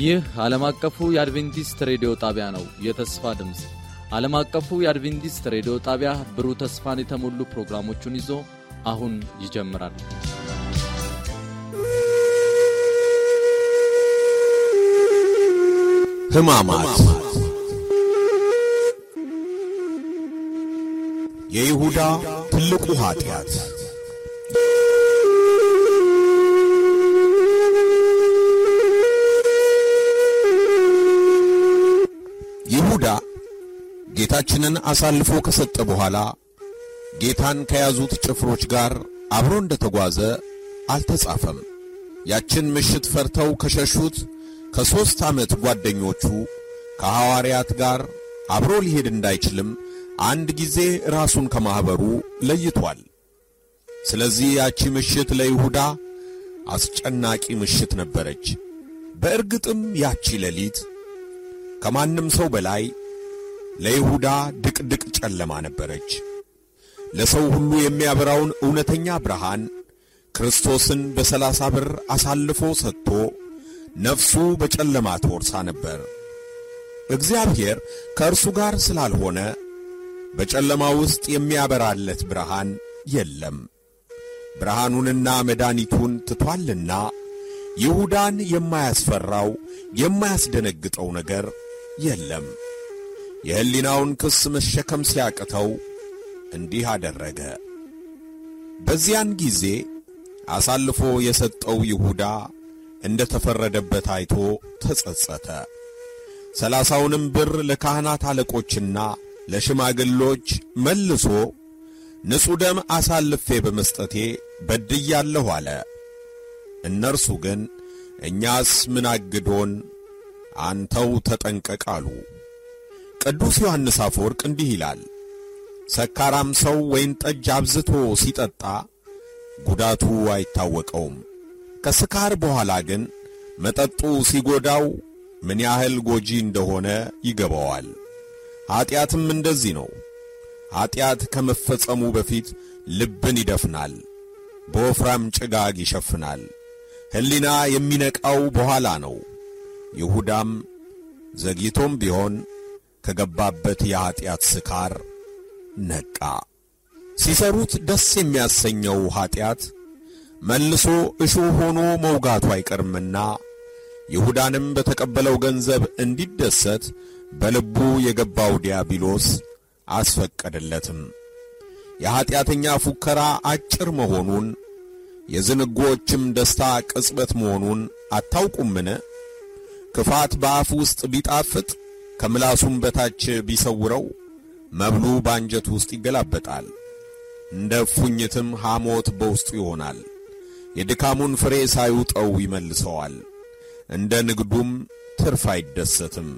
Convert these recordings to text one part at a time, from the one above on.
ይህ ዓለም አቀፉ የአድቬንቲስት ሬዲዮ ጣቢያ ነው። የተስፋ ድምፅ ዓለም አቀፉ የአድቬንቲስት ሬዲዮ ጣቢያ ብሩህ ተስፋን የተሞሉ ፕሮግራሞቹን ይዞ አሁን ይጀምራል። ህማማት የይሁዳ ትልቁ ኃጢአት ጌታችንን አሳልፎ ከሰጠ በኋላ ጌታን ከያዙት ጭፍሮች ጋር አብሮ እንደ ተጓዘ አልተጻፈም። ያችን ምሽት ፈርተው ከሸሹት ከሦስት ዓመት ጓደኞቹ ከሐዋርያት ጋር አብሮ ሊሄድ እንዳይችልም አንድ ጊዜ ራሱን ከማኅበሩ ለይቷል። ስለዚህ ያቺ ምሽት ለይሁዳ አስጨናቂ ምሽት ነበረች። በእርግጥም ያቺ ሌሊት ከማንም ሰው በላይ ለይሁዳ ድቅድቅ ጨለማ ነበረች። ለሰው ሁሉ የሚያበራውን እውነተኛ ብርሃን ክርስቶስን በሰላሳ ብር አሳልፎ ሰጥቶ ነፍሱ በጨለማ ተወርሳ ነበር። እግዚአብሔር ከእርሱ ጋር ስላልሆነ በጨለማ ውስጥ የሚያበራለት ብርሃን የለም። ብርሃኑንና መድኃኒቱን ትቷልና ይሁዳን የማያስፈራው የማያስደነግጠው ነገር የለም። የሕሊናውን ክስ መሸከም ሲያቅተው እንዲህ አደረገ። በዚያን ጊዜ አሳልፎ የሰጠው ይሁዳ እንደ ተፈረደበት አይቶ ተጸጸተ። ሰላሳውንም ብር ለካህናት አለቆችና ለሽማግሎች መልሶ ንጹሕ ደም አሳልፌ በመስጠቴ በድያለሁ አለ። እነርሱ ግን እኛስ ምን አግዶን፣ አንተው ተጠንቀቅ አሉ። ቅዱስ ዮሐንስ አፈወርቅ እንዲህ ይላል፣ ሰካራም ሰው ወይን ጠጅ አብዝቶ ሲጠጣ ጉዳቱ አይታወቀውም። ከስካር በኋላ ግን መጠጡ ሲጎዳው ምን ያህል ጎጂ እንደሆነ ይገባዋል። ኀጢአትም እንደዚህ ነው። ኀጢአት ከመፈጸሙ በፊት ልብን ይደፍናል፣ በወፍራም ጭጋግ ይሸፍናል። ሕሊና የሚነቃው በኋላ ነው። ይሁዳም ዘግይቶም ቢሆን ከገባበት የኀጢአት ስካር ነቃ። ሲሰሩት ደስ የሚያሰኘው ኀጢአት መልሶ እሾህ ሆኖ መውጋቱ አይቀርምና ይሁዳንም በተቀበለው ገንዘብ እንዲደሰት በልቡ የገባው ዲያብሎስ አስፈቀደለትም። የኀጢአተኛ ፉከራ አጭር መሆኑን የዝንጎዎችም ደስታ ቅጽበት መሆኑን አታውቁምን? ክፋት በአፍ ውስጥ ቢጣፍጥ ከምላሱም በታች ቢሰውረው መብሉ ባንጀቱ ውስጥ ይገላበጣል፣ እንደ ፉኝትም ሐሞት በውስጡ ይሆናል። የድካሙን ፍሬ ሳይውጠው ይመልሰዋል፣ እንደ ንግዱም ትርፍ አይደሰትም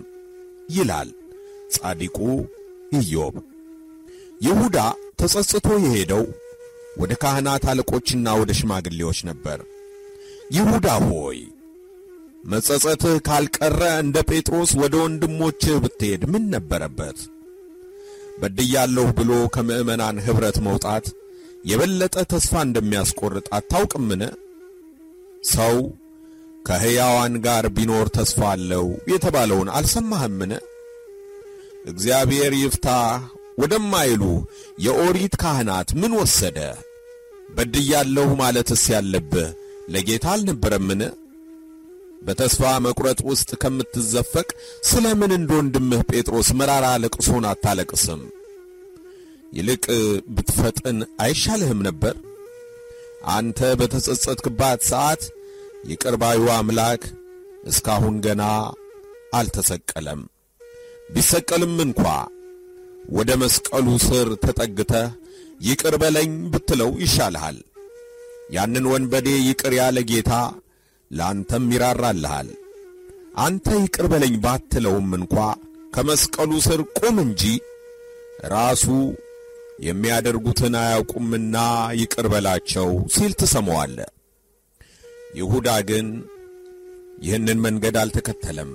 ይላል ጻዲቁ ኢዮብ። ይሁዳ ተጸጽቶ የሄደው ወደ ካህናት አለቆችና ወደ ሽማግሌዎች ነበር። ይሁዳ ሆይ መጸጸትህ ካልቀረ እንደ ጴጥሮስ ወደ ወንድሞችህ ብትሄድ ምን ነበረበት? በድያለሁ ብሎ ከምዕመናን ኅብረት መውጣት የበለጠ ተስፋ እንደሚያስቆርጥ አታውቅምን? ሰው ከሕያዋን ጋር ቢኖር ተስፋ አለው የተባለውን አልሰማህምን? እግዚአብሔር ይፍታ ወደማይሉ የኦሪት ካህናት ምን ወሰደ? በድያለሁ ማለትስ ያለብህ ለጌታ አልነበረምን? በተስፋ መቁረጥ ውስጥ ከምትዘፈቅ ስለ ምን እንደ ወንድምህ ጴጥሮስ መራራ ለቅሶን አታለቅስም? ይልቅ ብትፈጥን አይሻልህም ነበር? አንተ በተጸጸትክባት ሰዓት ይቅርባዩ አምላክ እስካሁን ገና አልተሰቀለም። ቢሰቀልም እንኳ ወደ መስቀሉ ስር ተጠግተህ ይቅር በለኝ ብትለው ይሻልሃል። ያንን ወንበዴ ይቅር ያለ ጌታ ለአንተም ይራራልሃል። አንተ ይቅር በለኝ ባትለውም እንኳ ከመስቀሉ ስር ቁም እንጂ ራሱ የሚያደርጉትን አያውቁምና ይቅር በላቸው ሲል ትሰማዋለ። ይሁዳ ግን ይህንን መንገድ አልተከተለም።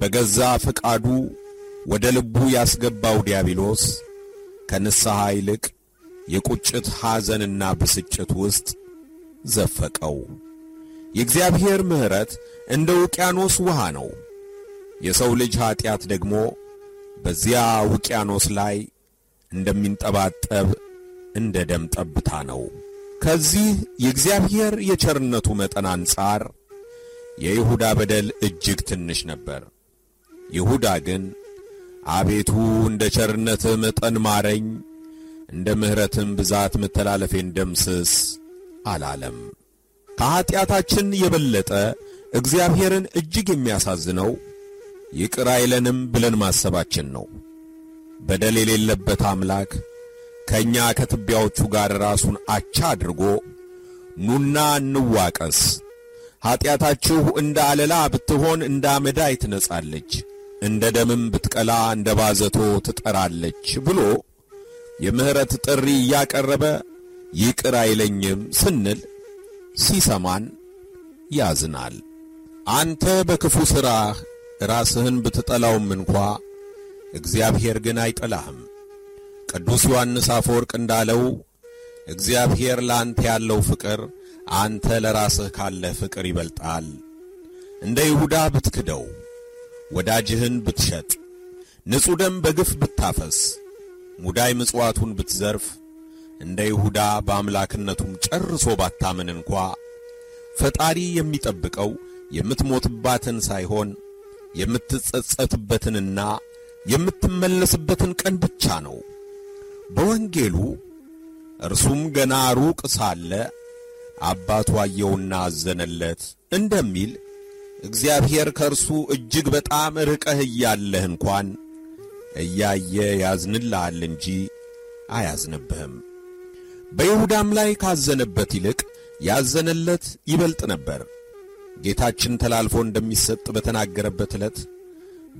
በገዛ ፈቃዱ ወደ ልቡ ያስገባው ዲያብሎስ ከንስሐ ይልቅ የቁጭት ሐዘንና ብስጭት ውስጥ ዘፈቀው። የእግዚአብሔር ምሕረት እንደ ውቅያኖስ ውሃ ነው። የሰው ልጅ ኀጢአት ደግሞ በዚያ ውቅያኖስ ላይ እንደሚንጠባጠብ እንደ ደም ጠብታ ነው። ከዚህ የእግዚአብሔር የቸርነቱ መጠን አንጻር የይሁዳ በደል እጅግ ትንሽ ነበር። ይሁዳ ግን አቤቱ እንደ ቸርነትህ መጠን ማረኝ፣ እንደ ምሕረትም ብዛት መተላለፌን ደምስስ አላለም። ከኀጢአታችን የበለጠ እግዚአብሔርን እጅግ የሚያሳዝነው ይቅር አይለንም ብለን ማሰባችን ነው። በደል የሌለበት አምላክ ከእኛ ከትቢያዎቹ ጋር ራሱን አቻ አድርጎ ኑና እንዋቀስ፣ ኀጢአታችሁ እንደ አለላ ብትሆን እንደ አመዳይ ትነጻለች፣ እንደ ደምም ብትቀላ እንደ ባዘቶ ትጠራለች ብሎ የምሕረት ጥሪ እያቀረበ ይቅር አይለኝም ስንል ሲሰማን ያዝናል። አንተ በክፉ ሥራህ ራስህን ብትጠላውም እንኳ እግዚአብሔር ግን አይጠላህም። ቅዱስ ዮሐንስ አፈወርቅ እንዳለው እግዚአብሔር ለአንተ ያለው ፍቅር አንተ ለራስህ ካለህ ፍቅር ይበልጣል። እንደ ይሁዳ ብትክደው፣ ወዳጅህን ብትሸጥ፣ ንጹሕ ደም በግፍ ብታፈስ፣ ሙዳይ ምጽዋቱን ብትዘርፍ እንደ ይሁዳ በአምላክነቱም ጨርሶ ባታምን እንኳ ፈጣሪ የሚጠብቀው የምትሞትባትን ሳይሆን የምትጸጸትበትንና የምትመለስበትን ቀን ብቻ ነው። በወንጌሉ እርሱም ገና ሩቅ ሳለ አባቱ አየውና አዘነለት እንደሚል እግዚአብሔር ከእርሱ እጅግ በጣም ርቀህ እያለህ እንኳን እያየ ያዝንልሃል እንጂ አያዝንብህም። በይሁዳም ላይ ካዘነበት ይልቅ ያዘነለት ይበልጥ ነበር። ጌታችን ተላልፎ እንደሚሰጥ በተናገረበት ዕለት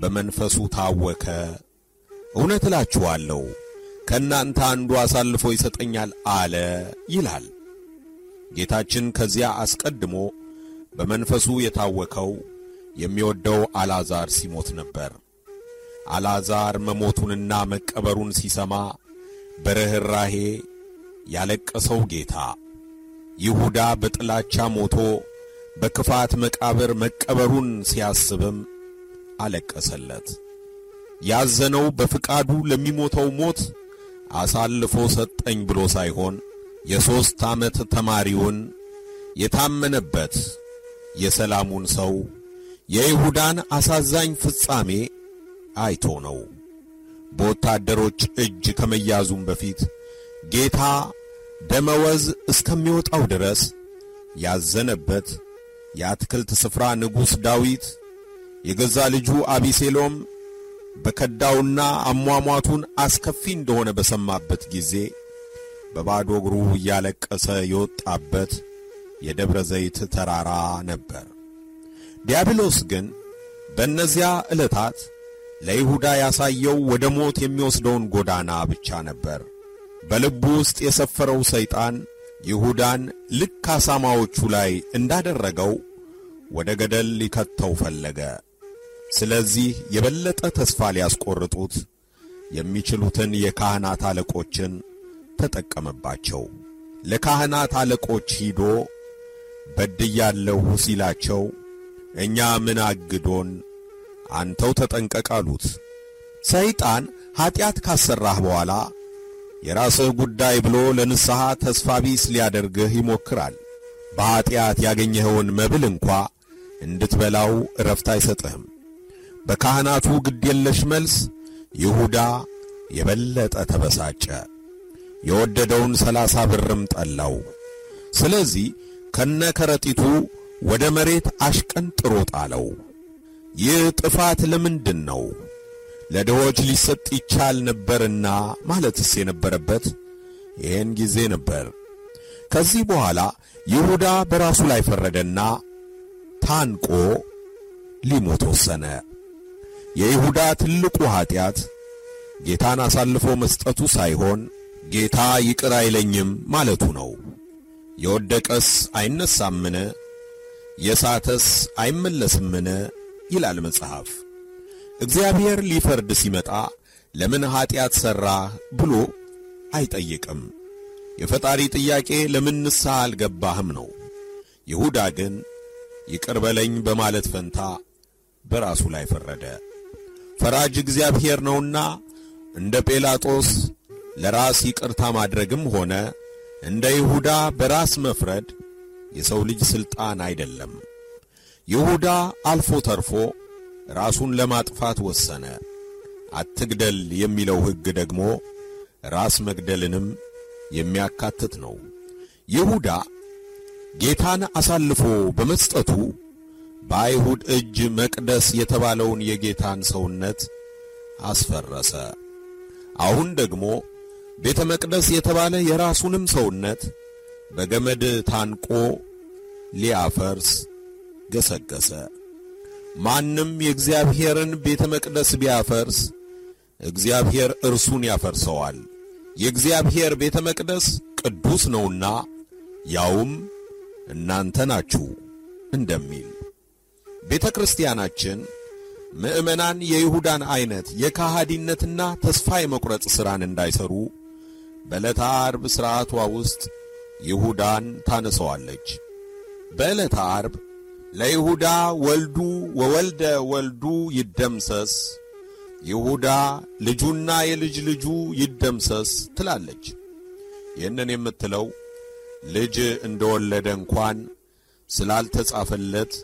በመንፈሱ ታወከ። እውነት እላችኋለሁ ከእናንተ አንዱ አሳልፎ ይሰጠኛል አለ ይላል። ጌታችን ከዚያ አስቀድሞ በመንፈሱ የታወከው የሚወደው አልዓዛር ሲሞት ነበር። አልዓዛር መሞቱንና መቀበሩን ሲሰማ በርኅራሄ ያለቀሰው ጌታ ይሁዳ በጥላቻ ሞቶ በክፋት መቃብር መቀበሩን ሲያስብም አለቀሰለት። ያዘነው በፍቃዱ ለሚሞተው ሞት አሳልፎ ሰጠኝ ብሎ ሳይሆን የሦስት ዓመት ተማሪውን የታመነበት የሰላሙን ሰው የይሁዳን አሳዛኝ ፍጻሜ አይቶ ነው። በወታደሮች እጅ ከመያዙም በፊት ጌታ ደመወዝ እስከሚወጣው ድረስ ያዘነበት የአትክልት ስፍራ ንጉሥ ዳዊት የገዛ ልጁ አቢሴሎም በከዳውና አሟሟቱን አስከፊ እንደሆነ በሰማበት ጊዜ በባዶ እግሩ እያለቀሰ የወጣበት የደብረ ዘይት ተራራ ነበር። ዲያብሎስ ግን በእነዚያ ዕለታት ለይሁዳ ያሳየው ወደ ሞት የሚወስደውን ጎዳና ብቻ ነበር። በልቡ ውስጥ የሰፈረው ሰይጣን ይሁዳን ልክ አሳማዎቹ ላይ እንዳደረገው ወደ ገደል ሊከተው ፈለገ። ስለዚህ የበለጠ ተስፋ ሊያስቆርጡት የሚችሉትን የካህናት አለቆችን ተጠቀመባቸው። ለካህናት አለቆች ሂዶ በድያለሁ ሲላቸው እኛ ምን አግዶን አንተው ተጠንቀቅ አሉት። ሰይጣን ኀጢአት ካሰራህ በኋላ የራስህ ጉዳይ ብሎ ለንስሐ ተስፋ ቢስ ሊያደርግህ ይሞክራል። በኀጢአት ያገኘኸውን መብል እንኳ እንድትበላው እረፍት አይሰጥህም። በካህናቱ ግድ መልስ ይሁዳ የበለጠ ተበሳጨ። የወደደውን ሰላሳ ብርም ጠላው። ስለዚህ ከነ ከረጢቱ ወደ መሬት አሽቀንጥሮ ጣለው። ይህ ጥፋት ለምንድን ነው? ለድሆች ሊሰጥ ይቻል ነበርና ማለትስ የነበረበት ይህን ጊዜ ነበር። ከዚህ በኋላ ይሁዳ በራሱ ላይ ፈረደና ታንቆ ሊሞት ወሰነ። የይሁዳ ትልቁ ኀጢአት ጌታን አሳልፎ መስጠቱ ሳይሆን ጌታ ይቅር አይለኝም ማለቱ ነው። የወደቀስ አይነሳምን? የሳተስ አይመለስምን? ይላል መጽሐፍ። እግዚአብሔር ሊፈርድ ሲመጣ ለምን ኀጢአት ሠራህ ብሎ አይጠይቅም። የፈጣሪ ጥያቄ ለምን ንስሐ አልገባህም ነው። ይሁዳ ግን ይቅር በለኝ በማለት ፈንታ በራሱ ላይ ፈረደ። ፈራጅ እግዚአብሔር ነውና እንደ ጲላጦስ ለራስ ይቅርታ ማድረግም ሆነ እንደ ይሁዳ በራስ መፍረድ የሰው ልጅ ሥልጣን አይደለም። ይሁዳ አልፎ ተርፎ ራሱን ለማጥፋት ወሰነ። አትግደል የሚለው ሕግ ደግሞ ራስ መግደልንም የሚያካትት ነው። ይሁዳ ጌታን አሳልፎ በመስጠቱ በአይሁድ እጅ መቅደስ የተባለውን የጌታን ሰውነት አስፈረሰ። አሁን ደግሞ ቤተ መቅደስ የተባለ የራሱንም ሰውነት በገመድ ታንቆ ሊያፈርስ ገሰገሰ። ማንም የእግዚአብሔርን ቤተ መቅደስ ቢያፈርስ እግዚአብሔር እርሱን ያፈርሰዋል። የእግዚአብሔር ቤተ መቅደስ ቅዱስ ነውና ያውም እናንተ ናችሁ እንደሚል ቤተ ክርስቲያናችን ምዕመናን የይሁዳን ዐይነት የካሃዲነትና ተስፋ የመቁረጥ ሥራን እንዳይሠሩ በዕለተ ዓርብ ሥርዓቷ ውስጥ ይሁዳን ታነሰዋለች። በዕለተ ዓርብ ለይሁዳ ወልዱ ወወልደ ወልዱ ይደምሰስ ይሁዳ ልጁና የልጅ ልጁ ይደምሰስ ትላለች። ይህንን የምትለው ልጅ እንደወለደ እንኳን ስላልተጻፈለት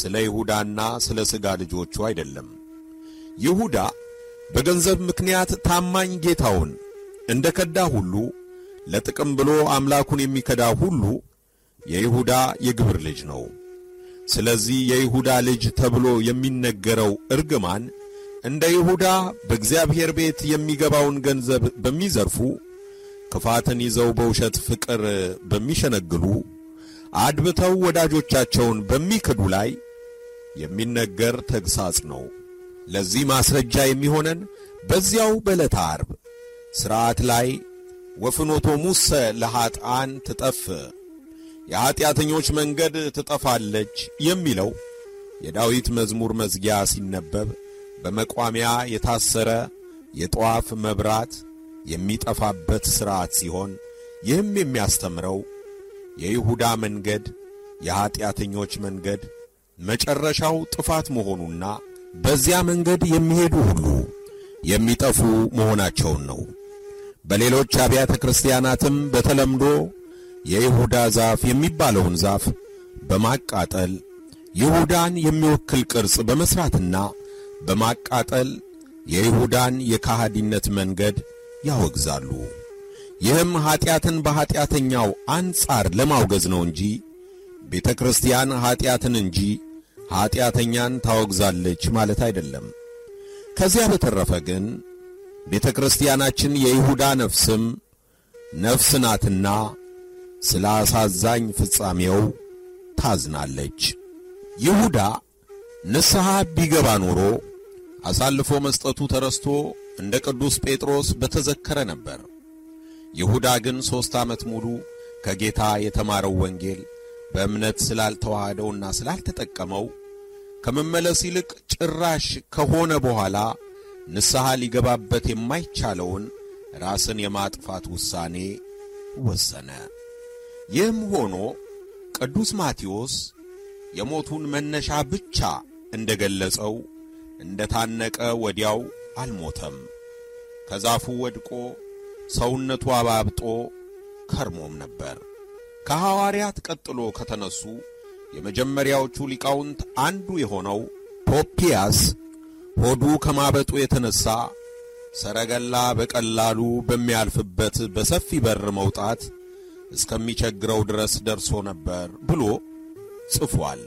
ስለ ይሁዳና ስለ ሥጋ ልጆቹ አይደለም። ይሁዳ በገንዘብ ምክንያት ታማኝ ጌታውን እንደ ከዳ ሁሉ ለጥቅም ብሎ አምላኩን የሚከዳ ሁሉ የይሁዳ የግብር ልጅ ነው። ስለዚህ የይሁዳ ልጅ ተብሎ የሚነገረው እርግማን እንደ ይሁዳ በእግዚአብሔር ቤት የሚገባውን ገንዘብ በሚዘርፉ፣ ክፋትን ይዘው በውሸት ፍቅር በሚሸነግሉ፣ አድብተው ወዳጆቻቸውን በሚክዱ ላይ የሚነገር ተግሣጽ ነው። ለዚህ ማስረጃ የሚሆነን በዚያው በዕለተ ዓርብ ሥርዓት ላይ ወፍኖቶ ሙሰ ለኀጣን ትጠፍ የኀጢአተኞች መንገድ ትጠፋለች የሚለው የዳዊት መዝሙር መዝጊያ ሲነበብ በመቋሚያ የታሰረ የጧፍ መብራት የሚጠፋበት ሥርዓት ሲሆን ይህም የሚያስተምረው የይሁዳ መንገድ የኀጢአተኞች መንገድ መጨረሻው ጥፋት መሆኑና በዚያ መንገድ የሚሄዱ ሁሉ የሚጠፉ መሆናቸውን ነው። በሌሎች አብያተ ክርስቲያናትም በተለምዶ የይሁዳ ዛፍ የሚባለውን ዛፍ በማቃጠል ይሁዳን የሚወክል ቅርጽ በመሥራትና በማቃጠል የይሁዳን የካህዲነት መንገድ ያወግዛሉ። ይህም ኀጢአትን በኀጢአተኛው አንጻር ለማውገዝ ነው እንጂ ቤተ ክርስቲያን ኀጢአትን እንጂ ኀጢአተኛን ታወግዛለች ማለት አይደለም። ከዚያ በተረፈ ግን ቤተ ክርስቲያናችን የይሁዳ ነፍስም ነፍስ ናትና ስለ አሳዛኝ ፍጻሜው ታዝናለች። ይሁዳ ንስሐ ቢገባ ኖሮ አሳልፎ መስጠቱ ተረስቶ እንደ ቅዱስ ጴጥሮስ በተዘከረ ነበር። ይሁዳ ግን ሦስት ዓመት ሙሉ ከጌታ የተማረው ወንጌል በእምነት ስላልተዋህደውና ስላልተጠቀመው ከመመለስ ይልቅ ጭራሽ ከሆነ በኋላ ንስሐ ሊገባበት የማይቻለውን ራስን የማጥፋት ውሳኔ ወሰነ። ይህም ሆኖ ቅዱስ ማቴዎስ የሞቱን መነሻ ብቻ እንደ ገለጸው እንደ ታነቀ ወዲያው አልሞተም። ከዛፉ ወድቆ ሰውነቱ አባብጦ ከርሞም ነበር። ከሐዋርያት ቀጥሎ ከተነሱ የመጀመሪያዎቹ ሊቃውንት አንዱ የሆነው ፖፒያስ ሆዱ ከማበጡ የተነሳ ሰረገላ በቀላሉ በሚያልፍበት በሰፊ በር መውጣት እስከሚቸግረው ድረስ ደርሶ ነበር ብሎ ጽፏል።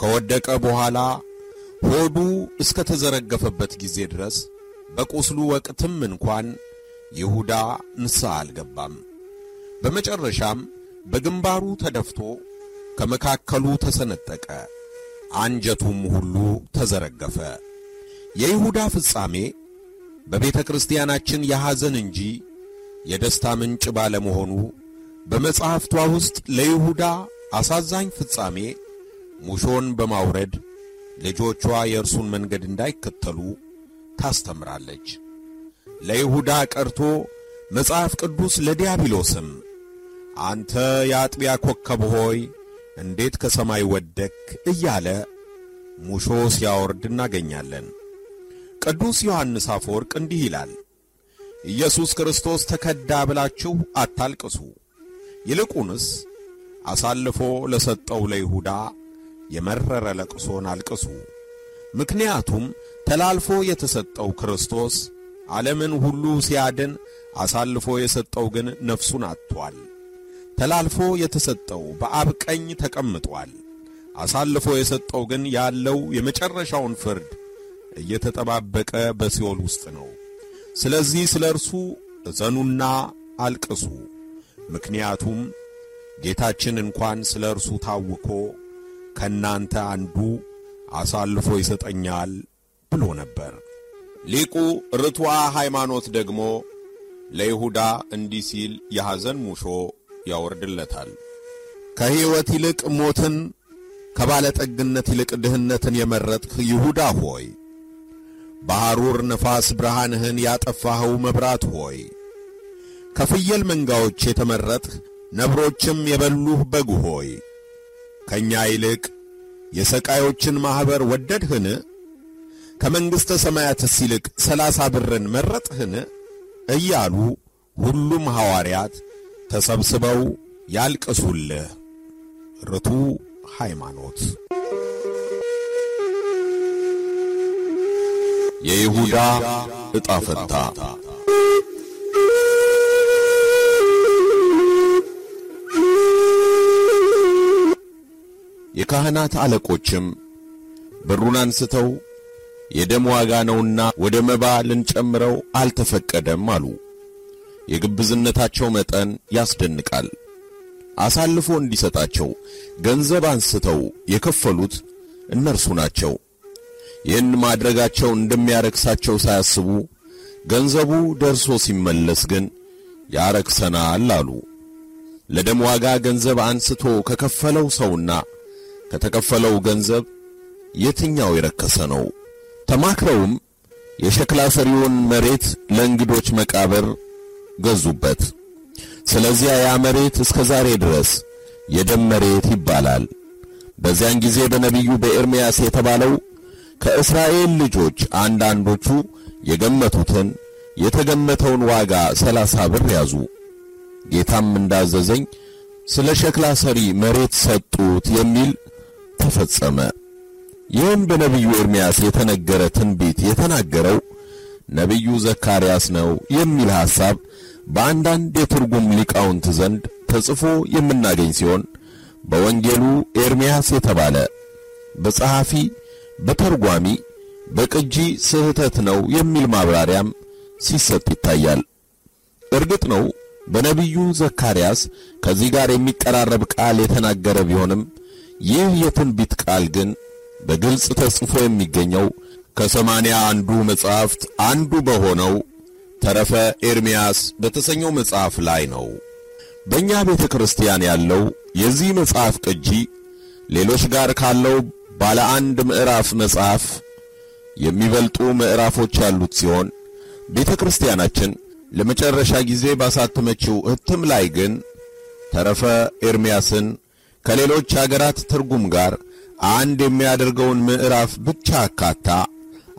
ከወደቀ በኋላ ሆዱ እስከ ተዘረገፈበት ጊዜ ድረስ በቁስሉ ወቅትም እንኳን ይሁዳ ንስሐ አልገባም። በመጨረሻም በግንባሩ ተደፍቶ ከመካከሉ ተሰነጠቀ፣ አንጀቱም ሁሉ ተዘረገፈ። የይሁዳ ፍጻሜ በቤተ ክርስቲያናችን የሐዘን እንጂ የደስታ ምንጭ ባለመሆኑ በመጽሐፍቷ ውስጥ ለይሁዳ አሳዛኝ ፍጻሜ ሙሾን በማውረድ ልጆቿ የእርሱን መንገድ እንዳይከተሉ ታስተምራለች። ለይሁዳ ቀርቶ መጽሐፍ ቅዱስ ለዲያብሎስም አንተ የአጥቢያ ኮከብ ሆይ እንዴት ከሰማይ ወደክ እያለ ሙሾ ሲያወርድ እናገኛለን። ቅዱስ ዮሐንስ አፈወርቅ እንዲህ ይላል፣ ኢየሱስ ክርስቶስ ተከዳ ብላችሁ አታልቅሱ ይልቁንስ አሳልፎ ለሰጠው ለይሁዳ የመረረ ለቅሶን አልቅሱ። ምክንያቱም ተላልፎ የተሰጠው ክርስቶስ ዓለምን ሁሉ ሲያድን፣ አሳልፎ የሰጠው ግን ነፍሱን አጥቷል። ተላልፎ የተሰጠው በአብ ቀኝ ተቀምጧል። አሳልፎ የሰጠው ግን ያለው የመጨረሻውን ፍርድ እየተጠባበቀ በሲኦል ውስጥ ነው። ስለዚህ ስለ እርሱ እዘኑና አልቅሱ። ምክንያቱም ጌታችን እንኳን ስለ እርሱ ታውኮ ከእናንተ አንዱ አሳልፎ ይሰጠኛል ብሎ ነበር። ሊቁ ርቱዐ ሃይማኖት ደግሞ ለይሁዳ እንዲህ ሲል የሐዘን ሙሾ ያወርድለታል። ከሕይወት ይልቅ ሞትን ከባለጠግነት ይልቅ ድህነትን የመረጥህ ይሁዳ ሆይ፣ በሐሩር ነፋስ ብርሃንህን ያጠፋኸው መብራት ሆይ ከፍየል መንጋዎች የተመረጥህ ነብሮችም የበሉህ በጉ ሆይ ከእኛ ይልቅ የሰቃዮችን ማኅበር ወደድህን? ከመንግሥተ ሰማያትስ ይልቅ ሰላሳ ብርን መረጥህን? እያሉ ሁሉም ሐዋርያት ተሰብስበው ያልቅሱልህ። ርቱ ሃይማኖት የይሁዳ ዕጣ ፈንታ የካህናት አለቆችም ብሩን አንስተው የደም ዋጋ ነውና ወደ መባ ልንጨምረው አልተፈቀደም አሉ። የግብዝነታቸው መጠን ያስደንቃል። አሳልፎ እንዲሰጣቸው ገንዘብ አንስተው የከፈሉት እነርሱ ናቸው። ይህን ማድረጋቸው እንደሚያረክሳቸው ሳያስቡ ገንዘቡ ደርሶ ሲመለስ ግን ያረክሰናል አሉ። ለደም ዋጋ ገንዘብ አንስቶ ከከፈለው ሰውና ከተከፈለው ገንዘብ የትኛው የረከሰ ነው? ተማክረውም የሸክላ ሰሪውን መሬት ለእንግዶች መቃብር ገዙበት። ስለዚያ ያ መሬት እስከ ዛሬ ድረስ የደም መሬት ይባላል። በዚያን ጊዜ በነቢዩ በኤርምያስ የተባለው ከእስራኤል ልጆች አንዳንዶቹ የገመቱትን የተገመተውን ዋጋ ሰላሳ ብር ያዙ። ጌታም እንዳዘዘኝ ስለ ሸክላ ሰሪ መሬት ሰጡት የሚል ተፈጸመ። ይህም በነቢዩ ኤርምያስ የተነገረ ትንቢት የተናገረው ነቢዩ ዘካርያስ ነው የሚል ሐሳብ በአንዳንድ የትርጉም ሊቃውንት ዘንድ ተጽፎ የምናገኝ ሲሆን በወንጌሉ ኤርምያስ የተባለ በጸሐፊ በተርጓሚ በቅጂ ስህተት ነው የሚል ማብራሪያም ሲሰጥ ይታያል። እርግጥ ነው በነቢዩ ዘካርያስ ከዚህ ጋር የሚቀራረብ ቃል የተናገረ ቢሆንም ይህ የትንቢት ቃል ግን በግልጽ ተጽፎ የሚገኘው ከሰማንያ አንዱ መጽሐፍት አንዱ በሆነው ተረፈ ኤርምያስ በተሰኘው መጽሐፍ ላይ ነው። በእኛ ቤተ ክርስቲያን ያለው የዚህ መጽሐፍ ቅጂ ሌሎች ጋር ካለው ባለ አንድ ምዕራፍ መጽሐፍ የሚበልጡ ምዕራፎች ያሉት ሲሆን ቤተ ክርስቲያናችን ለመጨረሻ ጊዜ ባሳተመችው ሕትም ላይ ግን ተረፈ ኤርምያስን ከሌሎች አገራት ትርጉም ጋር አንድ የሚያደርገውን ምዕራፍ ብቻ አካታ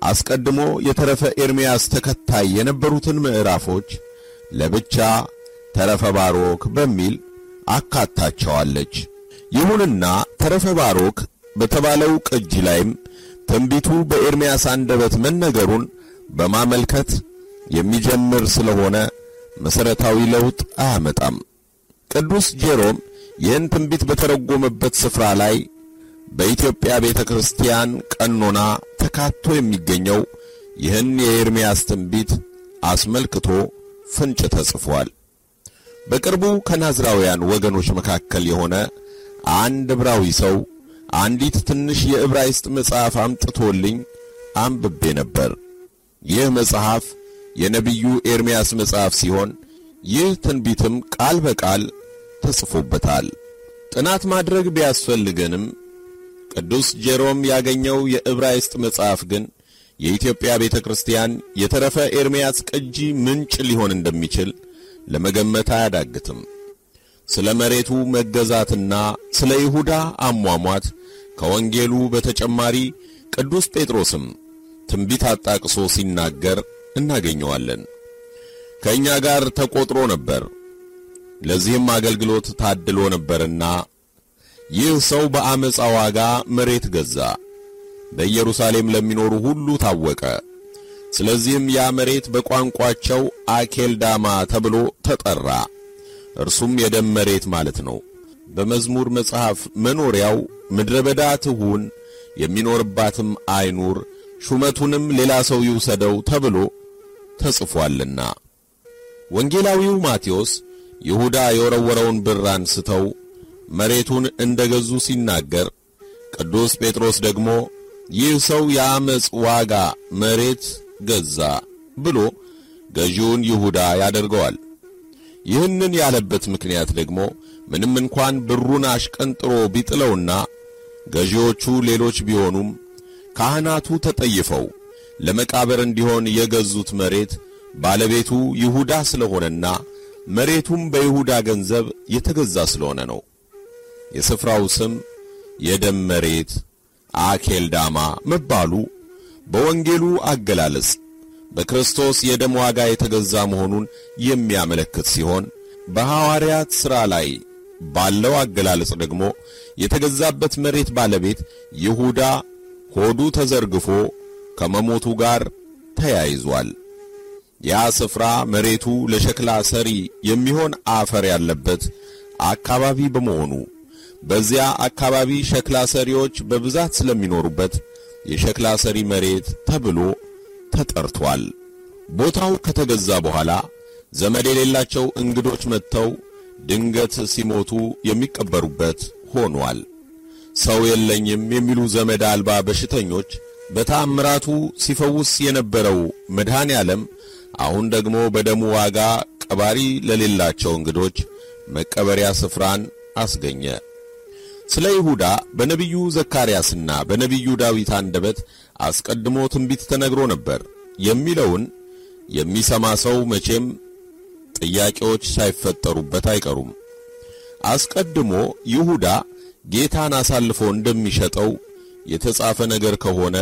አስቀድሞ የተረፈ ኤርምያስ ተከታይ የነበሩትን ምዕራፎች ለብቻ ተረፈ ባሮክ በሚል አካታቸዋለች። ይሁንና ተረፈ ባሮክ በተባለው ቅጂ ላይም ትንቢቱ በኤርምያስ አንደበት መነገሩን በማመልከት የሚጀምር ስለሆነ መሠረታዊ ለውጥ አያመጣም። ቅዱስ ጄሮም ይህን ትንቢት በተረጎመበት ስፍራ ላይ በኢትዮጵያ ቤተ ክርስቲያን ቀኖና ተካቶ የሚገኘው ይህን የኤርምያስ ትንቢት አስመልክቶ ፍንጭ ተጽፏል። በቅርቡ ከናዝራውያን ወገኖች መካከል የሆነ አንድ ዕብራዊ ሰው አንዲት ትንሽ የዕብራይስጥ መጽሐፍ አምጥቶልኝ አንብቤ ነበር። ይህ መጽሐፍ የነቢዩ ኤርምያስ መጽሐፍ ሲሆን ይህ ትንቢትም ቃል በቃል ተጽፎበታል። ጥናት ማድረግ ቢያስፈልገንም ቅዱስ ጄሮም ያገኘው የዕብራይስጥ መጽሐፍ ግን የኢትዮጵያ ቤተ ክርስቲያን የተረፈ ኤርምያስ ቅጂ ምንጭ ሊሆን እንደሚችል ለመገመት አያዳግትም። ስለ መሬቱ መገዛትና ስለ ይሁዳ አሟሟት ከወንጌሉ በተጨማሪ ቅዱስ ጴጥሮስም ትንቢት አጣቅሶ ሲናገር እናገኘዋለን። ከእኛ ጋር ተቈጥሮ ነበር ለዚህም አገልግሎት ታድሎ ነበርና ይህ ሰው በአመፃ ዋጋ መሬት ገዛ፣ በኢየሩሳሌም ለሚኖሩ ሁሉ ታወቀ። ስለዚህም ያ መሬት በቋንቋቸው አኬልዳማ ተብሎ ተጠራ። እርሱም የደም መሬት ማለት ነው። በመዝሙር መጽሐፍ መኖሪያው ምድረ በዳ ትሁን፣ የሚኖርባትም አይኑር፣ ሹመቱንም ሌላ ሰው ይውሰደው ተብሎ ተጽፏልና ወንጌላዊው ማቴዎስ ይሁዳ የወረወረውን ብር አንስተው መሬቱን እንደ ገዙ ሲናገር፣ ቅዱስ ጴጥሮስ ደግሞ ይህ ሰው የአመፅ ዋጋ መሬት ገዛ ብሎ ገዢውን ይሁዳ ያደርገዋል። ይህንን ያለበት ምክንያት ደግሞ ምንም እንኳን ብሩን አሽቀንጥሮ ቢጥለውና ገዢዎቹ ሌሎች ቢሆኑም ካህናቱ ተጠይፈው ለመቃብር እንዲሆን የገዙት መሬት ባለቤቱ ይሁዳ ስለሆነና መሬቱም በይሁዳ ገንዘብ የተገዛ ስለሆነ ነው። የስፍራው ስም የደም መሬት አኬልዳማ መባሉ በወንጌሉ አገላለጽ በክርስቶስ የደም ዋጋ የተገዛ መሆኑን የሚያመለክት ሲሆን በሐዋርያት ሥራ ላይ ባለው አገላለጽ ደግሞ የተገዛበት መሬት ባለቤት ይሁዳ ሆዱ ተዘርግፎ ከመሞቱ ጋር ተያይዟል። ያ ስፍራ መሬቱ ለሸክላ ሰሪ የሚሆን አፈር ያለበት አካባቢ በመሆኑ በዚያ አካባቢ ሸክላ ሰሪዎች በብዛት ስለሚኖሩበት የሸክላ ሰሪ መሬት ተብሎ ተጠርቷል። ቦታው ከተገዛ በኋላ ዘመድ የሌላቸው እንግዶች መጥተው ድንገት ሲሞቱ የሚቀበሩበት ሆኗል። ሰው የለኝም የሚሉ ዘመድ አልባ በሽተኞች በታምራቱ ሲፈውስ የነበረው መድኃኔ ዓለም አሁን ደግሞ በደሙ ዋጋ ቀባሪ ለሌላቸው እንግዶች መቀበሪያ ስፍራን አስገኘ። ስለ ይሁዳ በነቢዩ ዘካርያስና በነቢዩ ዳዊት አንደበት አስቀድሞ ትንቢት ተነግሮ ነበር የሚለውን የሚሰማ ሰው መቼም ጥያቄዎች ሳይፈጠሩበት አይቀሩም። አስቀድሞ ይሁዳ ጌታን አሳልፎ እንደሚሸጠው የተጻፈ ነገር ከሆነ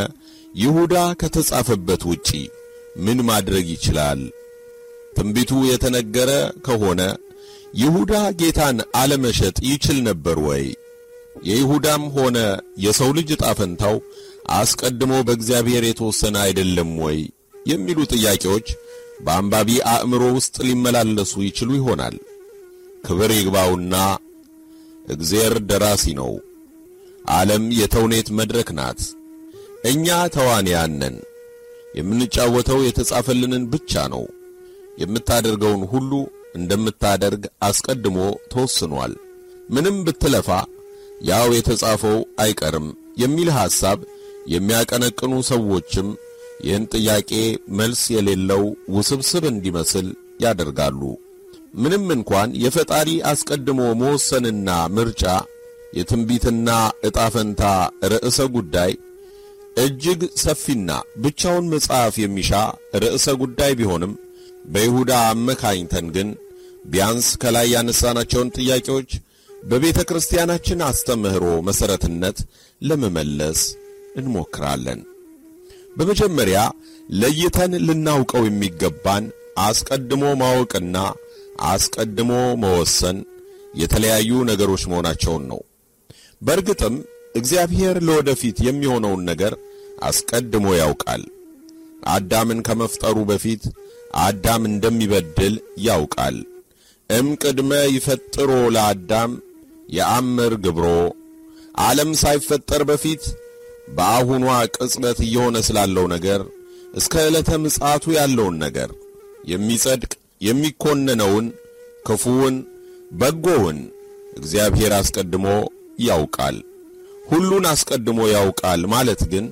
ይሁዳ ከተጻፈበት ውጪ ምን ማድረግ ይችላል? ትንቢቱ የተነገረ ከሆነ ይሁዳ ጌታን አለመሸጥ ይችል ነበር ወይ? የይሁዳም ሆነ የሰው ልጅ ዕጣ ፈንታው አስቀድሞ በእግዚአብሔር የተወሰነ አይደለም ወይ? የሚሉ ጥያቄዎች በአንባቢ አእምሮ ውስጥ ሊመላለሱ ይችሉ ይሆናል። ክብር ይግባውና እግዜር ደራሲ ነው። ዓለም የተውኔት መድረክ ናት። እኛ ተዋንያን ነን። የምንጫወተው የተጻፈልንን ብቻ ነው። የምታደርገውን ሁሉ እንደምታደርግ አስቀድሞ ተወስኗል። ምንም ብትለፋ ያው የተጻፈው አይቀርም የሚል ሐሳብ የሚያቀነቅኑ ሰዎችም ይህን ጥያቄ መልስ የሌለው ውስብስብ እንዲመስል ያደርጋሉ። ምንም እንኳን የፈጣሪ አስቀድሞ መወሰንና ምርጫ የትንቢትና ዕጣ ፈንታ ርዕሰ ጉዳይ እጅግ ሰፊና ብቻውን መጽሐፍ የሚሻ ርዕሰ ጉዳይ ቢሆንም በይሁዳ አመካኝተን ግን ቢያንስ ከላይ ያነሳናቸውን ጥያቄዎች በቤተ ክርስቲያናችን አስተምህሮ መሠረትነት ለመመለስ እንሞክራለን። በመጀመሪያ ለይተን ልናውቀው የሚገባን አስቀድሞ ማወቅና አስቀድሞ መወሰን የተለያዩ ነገሮች መሆናቸውን ነው። በእርግጥም እግዚአብሔር ለወደፊት የሚሆነውን ነገር አስቀድሞ ያውቃል። አዳምን ከመፍጠሩ በፊት አዳም እንደሚበድል ያውቃል። እም ቅድመ ይፈጥሮ ለአዳም የአምር ግብሮ ዓለም ሳይፈጠር በፊት በአሁኗ ቅጽበት እየሆነ ስላለው ነገር እስከ ዕለተ ምጽአቱ ያለውን ነገር የሚጸድቅ የሚኮነነውን፣ ክፉውን፣ በጎውን እግዚአብሔር አስቀድሞ ያውቃል። ሁሉን አስቀድሞ ያውቃል ማለት ግን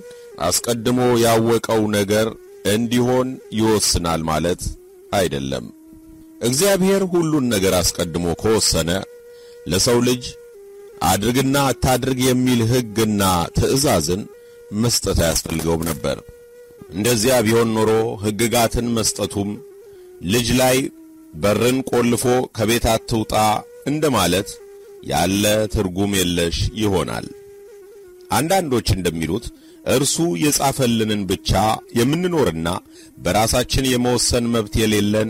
አስቀድሞ ያወቀው ነገር እንዲሆን ይወስናል ማለት አይደለም። እግዚአብሔር ሁሉን ነገር አስቀድሞ ከወሰነ ለሰው ልጅ አድርግና አታድርግ የሚል ሕግና ትእዛዝን መስጠት አያስፈልገውም ነበር። እንደዚያ ቢሆን ኖሮ ሕግጋትን መስጠቱም ልጅ ላይ በርን ቆልፎ ከቤት አትውጣ እንደማለት ያለ ትርጉም የለሽ ይሆናል። አንዳንዶች እንደሚሉት እርሱ የጻፈልንን ብቻ የምንኖርና በራሳችን የመወሰን መብት የሌለን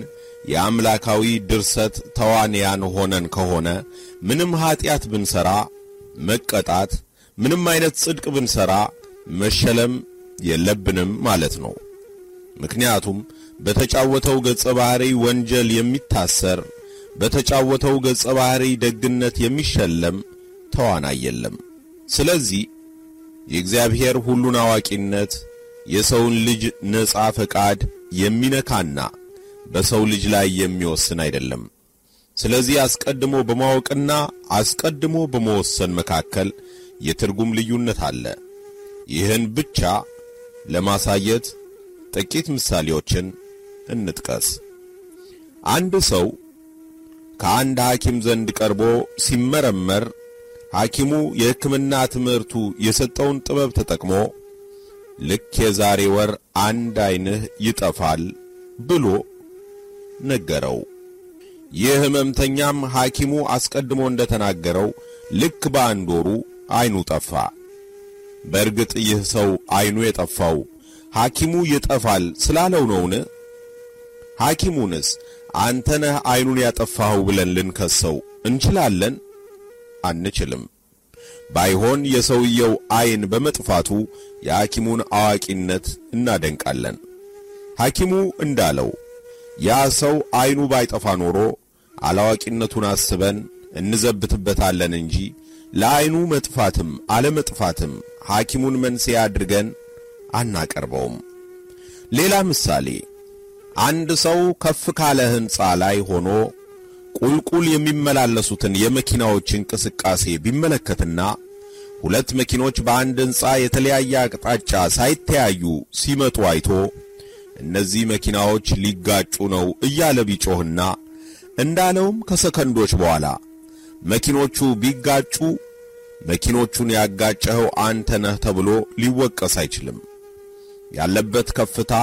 የአምላካዊ ድርሰት ተዋንያን ሆነን ከሆነ ምንም ኀጢአት ብንሠራ መቀጣት፣ ምንም አይነት ጽድቅ ብንሠራ መሸለም የለብንም ማለት ነው። ምክንያቱም በተጫወተው ገጸ ባህሪ ወንጀል የሚታሰር በተጫወተው ገጸ ባህሪ ደግነት የሚሸለም ተዋናይ የለም። ስለዚህ የእግዚአብሔር ሁሉን አዋቂነት የሰውን ልጅ ነጻ ፈቃድ የሚነካና በሰው ልጅ ላይ የሚወስን አይደለም። ስለዚህ አስቀድሞ በማወቅና አስቀድሞ በመወሰን መካከል የትርጉም ልዩነት አለ። ይህን ብቻ ለማሳየት ጥቂት ምሳሌዎችን እንጥቀስ። አንድ ሰው ከአንድ ሐኪም ዘንድ ቀርቦ ሲመረመር ሐኪሙ የሕክምና ትምህርቱ የሰጠውን ጥበብ ተጠቅሞ ልክ የዛሬ ወር አንድ ዐይንህ ይጠፋል ብሎ ነገረው። ይህ ሕመምተኛም ሐኪሙ አስቀድሞ እንደ ተናገረው ልክ በአንድ ወሩ ዐይኑ ጠፋ። በእርግጥ ይህ ሰው ዐይኑ የጠፋው ሐኪሙ ይጠፋል ስላለው ነውን? ሐኪሙንስ አንተ ነህ ዐይኑን ያጠፋኸው ብለን ልንከሰው እንችላለን? አንችልም። ባይሆን የሰውየው አይን በመጥፋቱ የሐኪሙን አዋቂነት እናደንቃለን። ሐኪሙ እንዳለው ያ ሰው አይኑ ባይጠፋ ኖሮ አላዋቂነቱን አስበን እንዘብትበታለን እንጂ ለአይኑ መጥፋትም አለመጥፋትም ሐኪሙን መንስኤ አድርገን አናቀርበውም። ሌላ ምሳሌ፣ አንድ ሰው ከፍ ካለ ሕንፃ ላይ ሆኖ ቁልቁል የሚመላለሱትን የመኪናዎች እንቅስቃሴ ቢመለከትና ሁለት መኪኖች በአንድ ሕንፃ የተለያየ አቅጣጫ ሳይተያዩ ሲመጡ አይቶ እነዚህ መኪናዎች ሊጋጩ ነው እያለ ቢጮህና እንዳለውም ከሰከንዶች በኋላ መኪኖቹ ቢጋጩ መኪኖቹን ያጋጨኸው አንተ ነህ ተብሎ ሊወቀስ አይችልም። ያለበት ከፍታ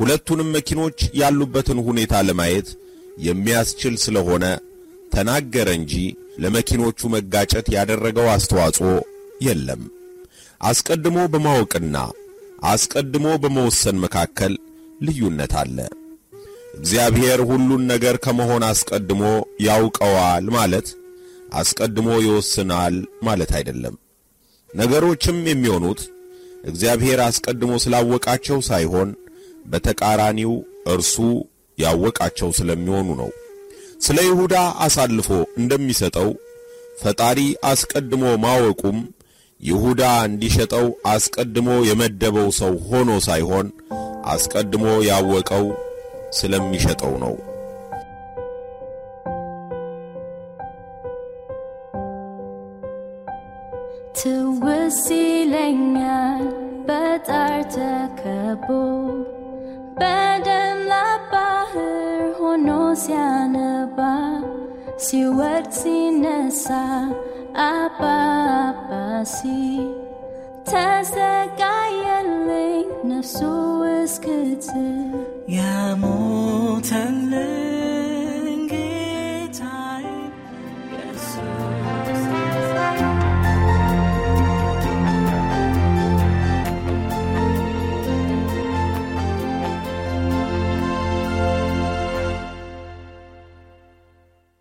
ሁለቱንም መኪኖች ያሉበትን ሁኔታ ለማየት የሚያስችል ስለሆነ ተናገረ እንጂ ለመኪኖቹ መጋጨት ያደረገው አስተዋጽኦ የለም። አስቀድሞ በማወቅና አስቀድሞ በመወሰን መካከል ልዩነት አለ። እግዚአብሔር ሁሉን ነገር ከመሆን አስቀድሞ ያውቀዋል ማለት አስቀድሞ ይወስናል ማለት አይደለም። ነገሮችም የሚሆኑት እግዚአብሔር አስቀድሞ ስላወቃቸው ሳይሆን በተቃራኒው እርሱ ያወቃቸው ስለሚሆኑ ነው። ስለ ይሁዳ አሳልፎ እንደሚሰጠው ፈጣሪ አስቀድሞ ማወቁም ይሁዳ እንዲሸጠው አስቀድሞ የመደበው ሰው ሆኖ ሳይሆን አስቀድሞ ያወቀው ስለሚሸጠው ነው። ትውስ ይለኛል በጣር ተከቦ siapa siwat sinasa apa-apa si tasakayaling nafsu is kete ya mutanle